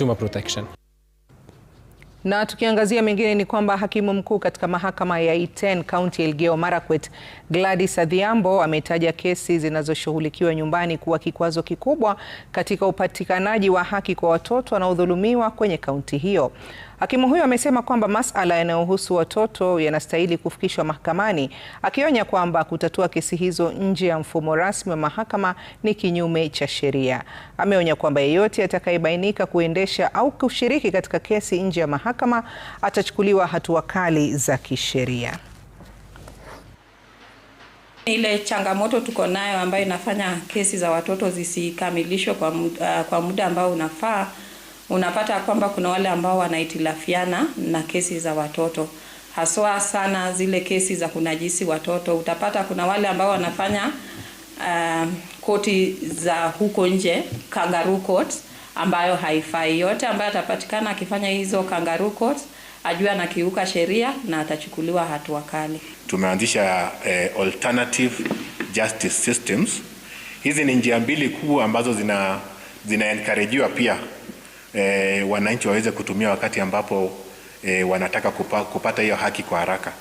consumer protection. Na tukiangazia mengine ni kwamba hakimu mkuu katika mahakama ya E10 kaunti Elgeyo Marakwet, Gladys Adhiambo ametaja kesi zinazoshughulikiwa nyumbani kuwa kikwazo kikubwa katika upatikanaji wa haki kwa watoto wanaodhulumiwa kwenye kaunti hiyo. Hakimu huyo amesema kwamba masala yanayohusu watoto yanastahili kufikishwa mahakamani, akionya kwamba kutatua kesi hizo nje ya mfumo rasmi wa mahakama ni kinyume cha sheria. Ameonya kwamba yeyote atakayebainika kuendesha au kushiriki katika kesi nje ya mahakama atachukuliwa hatua kali za kisheria. Ile changamoto tuko nayo ambayo inafanya kesi za watoto zisikamilishwe kwa muda ambao unafaa unapata kwamba kuna wale ambao wanahitilafiana na kesi za watoto haswa sana zile kesi za kunajisi watoto. Utapata kuna wale ambao wanafanya uh, koti za huko nje kangaroo court ambayo haifai. Yote ambayo atapatikana akifanya hizo kangaroo court ajua anakiuka sheria na atachukuliwa hatua kali. Tumeanzisha eh, alternative justice systems. Hizi ni njia mbili kuu ambazo zina zinaencouragewa pia e, wananchi waweze kutumia wakati ambapo e, wanataka kupa, kupata hiyo haki kwa haraka.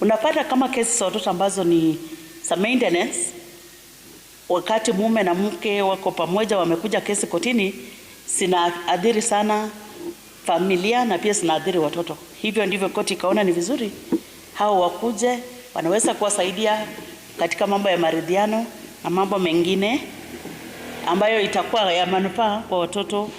Unapata kama kesi za watoto ambazo ni za maintenance, wakati mume na mke wako pamoja, wamekuja kesi kotini, adhiri sana familia na pia adhiri watoto. Hivyo ndivyo koti ikaona ni vizuri hao wakuje, wanaweza kuwasaidia katika mambo ya maridhiano na mambo mengine ambayo itakuwa ya manufaa kwa watoto.